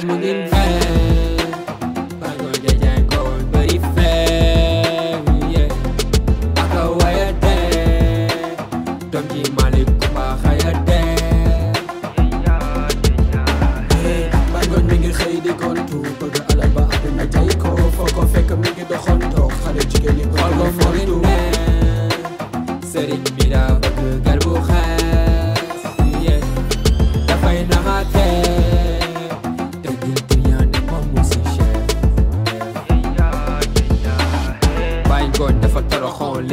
Come again.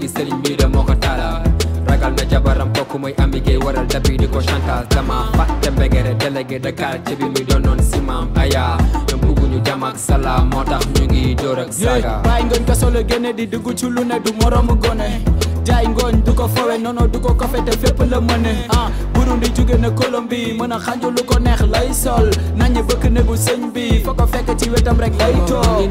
ji sëriñ bi de moo ko taala ragal na jabaram kooku mooy am liggéey waral dabi di ko chantage dama fàtte mbegere délégué de quartier bi muy doonoon simaam aya ñoom bugguñu jàmm ak salaam moo tax ñu ngi dóor ak saaga bàyyi ngooñ kaso la génne di dugg ci lu ne du moroomu gone jaay ngooñ du ko fowe nono du ko kofe te fépp la mëne ah Burundi jóge na Colombie mën a xànju lu ko neex lay sol nañu bëkk néegu sëñ bi foo ko fekk ci wetam rek lay toog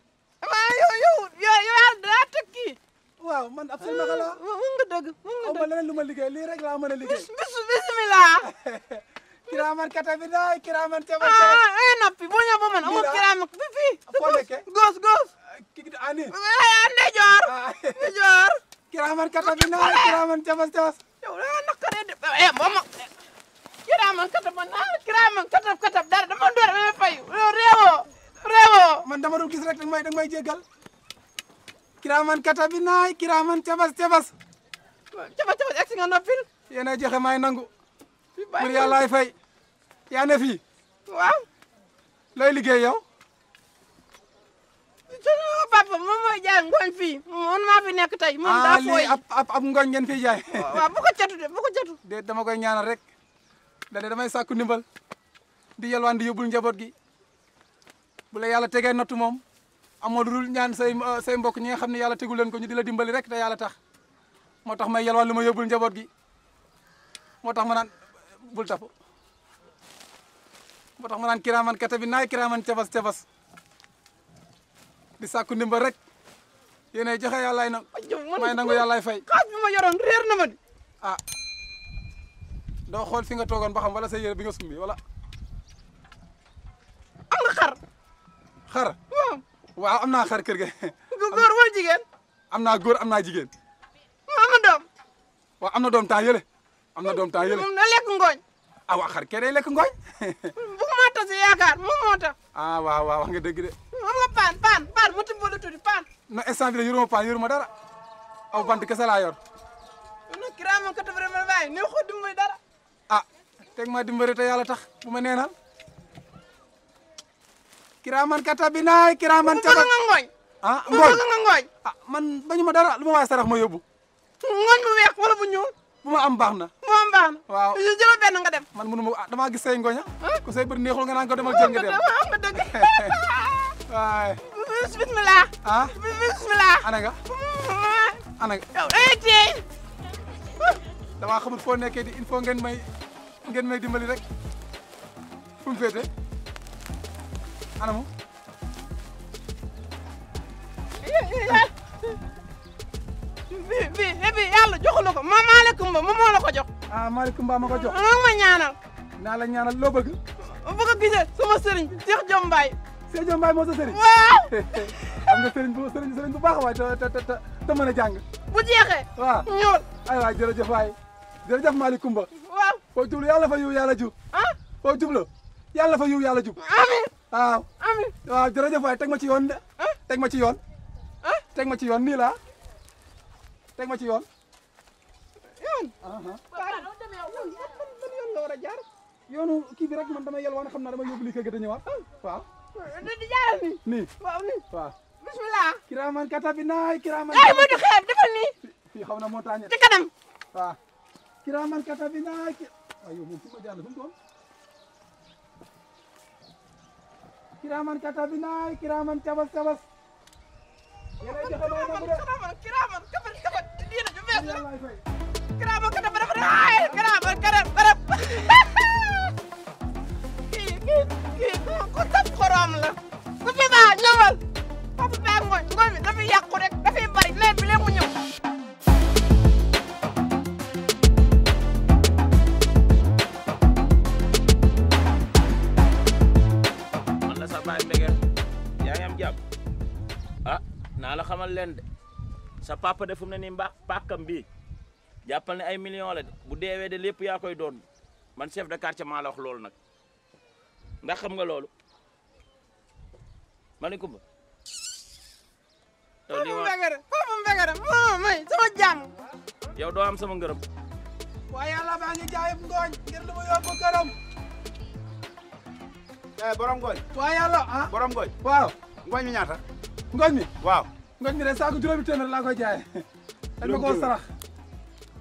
waaw yow yow yow yow daa tukki. waaw man ab seen naka laa. mu ngi dëgg mu ngi dëgg xaw ma leneen lu ma liggéey lii rek laa mën a liggéey. bis bisimilah. kiraaman kata bi daay kiraaman. ca ba ca ah ay eh, noppi boo ñëw ba man amul kiraaman fi fii. foo nekkee góos góos. Ah, kii ani. Eh, ah ndeyjoor. Ah. ndeyjoor. kiraaman kata bi daay kiraaman cabas cabas. yow da nga naqaree de eh moom kiraaman kata man ah kiraaman kata kata dara dama door a fayu réewoo. bravo man dama doon gis rek danga may danga may jéggal kiraaman katabinaay kiraaman cabas cabas cabas cabas egsi noppil yéen joxe may nangu bur yàllaay fay yaa ne fii looy liggéey yow sunu papa moom mooy jaay ngooñ fii man maa fi nekk tey moom daa ah, fooy ab ab ab ngooñ ngeen fiy jaay waaw de bu ko de dama koy ñaanal rek da de damay sàkku ndimbal di yelwaan di yóbbul njaboot gi bu la yàlla tegee nattu moom amoo lu dul ñaan say say mbokk ñi nga xam ne yàlla tegu leen ko ñu di la dimbali rek te yàlla tax moo tax may yalwaan lu ma yóbbul njaboot gi moo tax ma naan bul tapp moo tax ma naan kiraaman katabi naay kiraaman cabas cabas di sàkku ndimbal rek yéenay joxe yàllaay na may nangu yàllaay fay xaas bi ma yoroon réer na ma di ah doo xool fi nga toogoon ba xam wala sa yére bi nga sumbi wala xar waaw am naa xar kër ga góor wala jigéen am naa góor am naa jigéen maa ma waaw am na doom temps yële am na doom temps yële moom lekk ngooñ ah xar kër lekk ngooñ bu ma tase yaakaar moom moo ah waaw waaw wax nga de moom nga paan paan paan mu timbala tuuti paan non instant bi la yoruma paan yoruma dara aw bant kese laa yor no kiraamam ka taf rema ne xoo dimbali dara ah teg maa dimbali te yàlla tax bu ma neenal kiraaman katabinaay kiraaman caba ngooñ ah ngooñ ngooñ ah man bañu dara lu ma waay sarax ma yóbbu ngooñ bu weex wala bu ñuul bu ma am baax na bu ma am baax na waaw jëlal benn nga dem man mënu ma ah, ah. ko demal jël nga dem ah? nga dëgg waay eh, di il faut ngeen may ngeen may dimbali rek fu mu anamu. bi bi bi yàlla joxu la ko ma maaleykum ba ma moo la ko jox. ah maaleykum ba ma ko jox. noo ma ñaanal. naa ñaanal loo bëgg. bu ko gisee sama sëriñ Cheikh Diop Mbaye. Cheikh Diop Mbaye moo sa am nga sëriñ bu sëriñ sëriñ bu baax waay te te te te mën a jàng. bu jeexee. waaw ñuul. ay waay jërëjëf waay jërëjëf maaleykum ba. waaw yàlla fa yiw yàlla jub. ah fa yiw yàlla waaw. amiin waaw jërëjëf teg ma ci yoon de. Ah. teg ma ci yoon. Ah. teg ma ci yoon nii laa ma ci yoon. yoon. Uh-huh. yoon la war a yoonu kii bi rek man dama yelwaan xam naa dama yóbbu lii kër ga te ñëwaat ah. waaw. di jaaral nii. nii waaw nii waaw. bismillah. kiraaman katabinaay kiraaman. ay mu di xeeb defal nii. fii xaw na montagne. ci kanam. waaw. kiraaman katabinaay. aywa moom fi ma jàll fi mu doon. kiraaman katabinaa kiraaman cabas cabas. kiraaman kabar kabar ay kiraaman katab barab. kii kii kii ku tab xorom la. ku fi baa ñëwal. papa baa ngooñ ngooñ mi dafa yàqu rek. leen de sa papa de fu ne nii mbaa pàkkam bii jàppal ne ay millions la bu deewee de lépp yaa koy doon man chef de quartier maa la wax nag ndax xam nga loolu maaleykum. yow lii ma may sama jàmm. yow doo am sama ngërëm. waaye yàlla maa ngi jaayam ngooñ ngir lu ma yóbbu këram. Eh, borom ngooñ. waaye yàlla ah. borom ngooñ. waaw ngooñ mi ñaata. ngooñ mi waaw. ngooñ mi de saako juróomi téeméer laa koy jaayee. dañ ma koo sarax.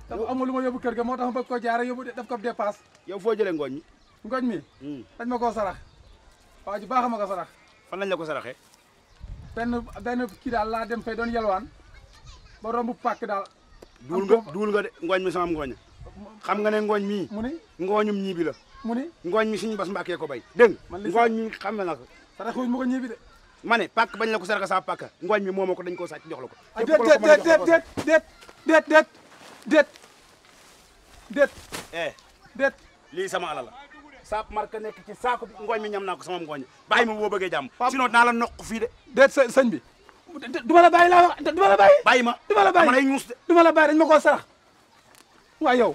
dafa amul lu ma yóbbu kër ga moo tax ma bëgg koo jaay rek yóbbu de ko dépasse. yow foo jëlee ngooñ mi. ngooñ mi. Hmm. dañ ma koo sarax. waa ji baax ma ko sarax. fan lañ la ko saraxee. benn benn kii daal laa dem fay doon yelwaan ba romb pàkk daal. duul nga duul nga de ngooñ mi sama ngooñ xam nga ne ngooñ mii. mu ni ngooñum ñii bi la. mu ni ngooñ mi suñu bas mbàkkee ko bay dégg ngooñ mi xam na ko. saraxuñ ma ko ñii mane ne bañ la ko saraka saa pàkk ngooñ mi moomoo ko dañ koo sàcc jox la ko. déet déet déet déet déet déet déet déet eh déet lii sama alal la saab marka nekk ci saako bi ngooñ mi ñam naa ko sama ngooñ bay ma boo bëggee jàmm sinon naa la noq fii de déet sëñ bi du ma la bàyyi laa wax du ma la bàyyi bàyyi ma du ma la dañ ma koo sarax waaw yow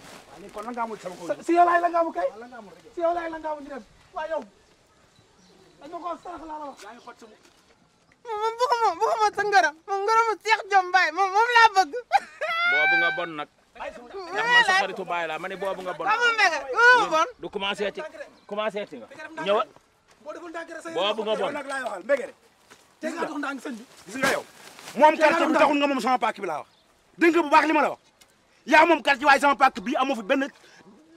ko la si yow laay la nga amul ñu dem waaw yow moom bëgguma bëgguma sa ngërëm moom ngërëmu Cheikh Diome Mbaye moom moom laa bëgg. boobu nga bon nag. ndax man sa xaritu Baye laa ma ne boobu nga bon. boobu nga bon du commencé ci commencé ci nga ñëwal. boobu nga bon. gis nga gis nga yow. moom quartier bi taxul nga moom sama pàcc bi laa wax. dégg bu baax li ma la wa yaa moom quartier waaye sama pàcc bi amoo fi benn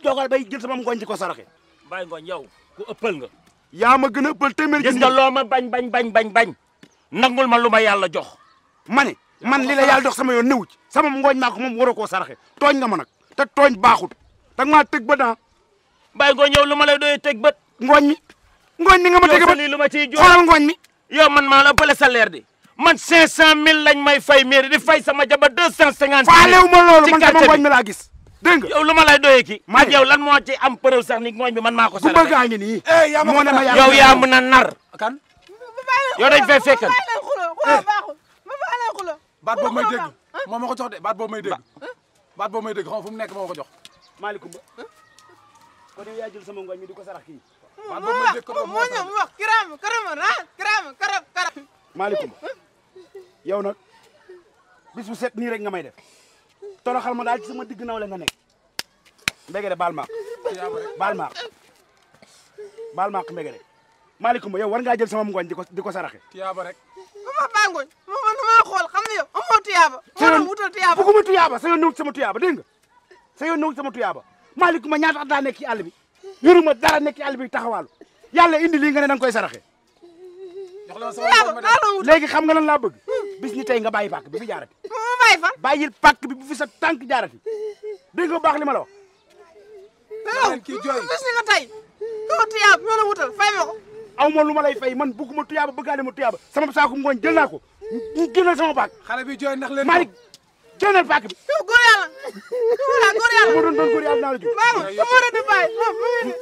dogal bay jël sama ngooñ di ko saraxe. Baye ngooñ yow ku ëppal nga. yaa ma gën a ëppal téeméer gis nga loo ma bañ bañ bañ bañ bañ nangul ma lu ma yàlla jox. ma ne man li la jox sama yoon newu ci sama ngooñ maa ko moom waroo koo saraxe tooñ nga ma nag te tooñ baaxut da nga maa tëg bët ah. Baye Ngooñ yow lu ma lay doyee tëg bët. ngooñ mi ngooñ mi nga ma tëg bët yow lu ma ciy jox xoolal ngooñ mi. yow man maa la ëppale salaire di man 500000 lañ may fay mairie di sama jaba 250. faalewu ma loolu man sama ngooñ mi laa gis. dégg nga lu ma lay doyee kii. ma yow lan moo ci am preuve sax ni ngooñ bi man maa ko. saraxee bu bëgg a nar yow dañ fekk fekkal baat boobu may dégg moom ma ko jox de baat boobu may dégg baat may dégg mu nekk moo ko jox Malicoumba kon yow yaa jël sama ngooñ di ko sarax kii baat boobu may dégg ko moo ñëw mu wax kiram karama na kiram karam karam yow nag bis bu set rek nga may def toroxal ma daal ci sama digg nawle nga nekk mbégé de baal maak baal maak baal de Malicoumba yow war ngaa jël sama ngooñ di ko di ko saraxe. tuyaaba rek. bu ma baa ngooñ ma man maa xool xam nga yow amoo tuyaaba. moo doon wutal tuyaaba bëgguma tuyaaba sa yoon newut sama tuyaaba dégg nga sa yoon newut sama tuyaaba Malicoumba ñaata at àll bi yoruma dara nekk ci àll bi taxawaalu yàlla indi lii nga ne danga koy saraxe. léegi xam nga lan laa bëgg. Hmm. bis ni tey nga bàyyi pàkk bi bu jaarati. ma ma bàyyi fa. bàyyil pàkk bi bu fi sa tànk jaarati dégg nga baax li ma la wax. bis ni nga tey aw ma lu ma lay fay man bëgguma tuyaaba bëggaale ma tuyaaba sama saako ngooñ jël naa ko génnal sama baag. xale bi jooy ndax leen Malick génnal baag bi. yow góor yàlla voilà góor yàlla ma doon doon góor yàlla naa la jóg. waaw su ma doon di bàyyi.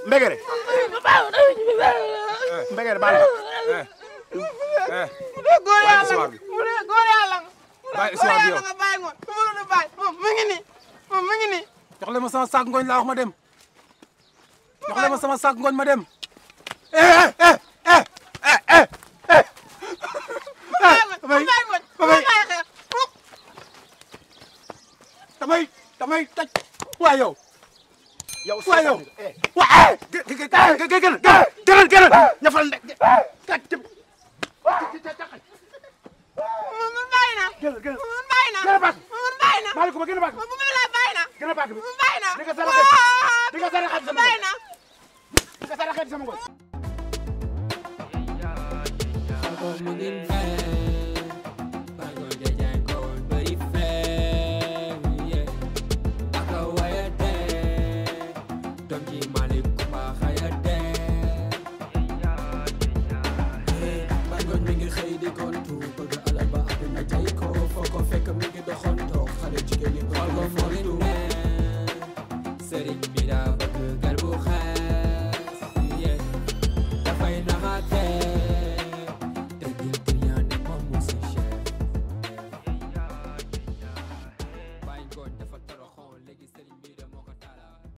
Mbegere. Mbegere baal ma. góor yàlla góor yàlla. bàyyi histoire bi yow nga bàyyi ngoon su ma doon di bàyyi moom mu ngi nii moom mu ngi nii. jox leen ma sama saako ngooñ laa wax ma dem. jox leen ma sama saako ngooñ ma dem. damay damay tëj waaye yow. yow waaye yow. waaye. gë gë gë gë gën a gën gën a ñafal ndek. tëj tëj. Mamour bàyyi na. gën a gën a Mamour bàyyi na. gën a bàq. Mamour bàyyi na. maa ngi ko ma gën a bàq. bu ma la bàyyi na. gën a bàq bi. Mamour bàyyi na. di nga saraxee di nga saraxee sama ngoy. di nga saraxee sama ngoy. ngeen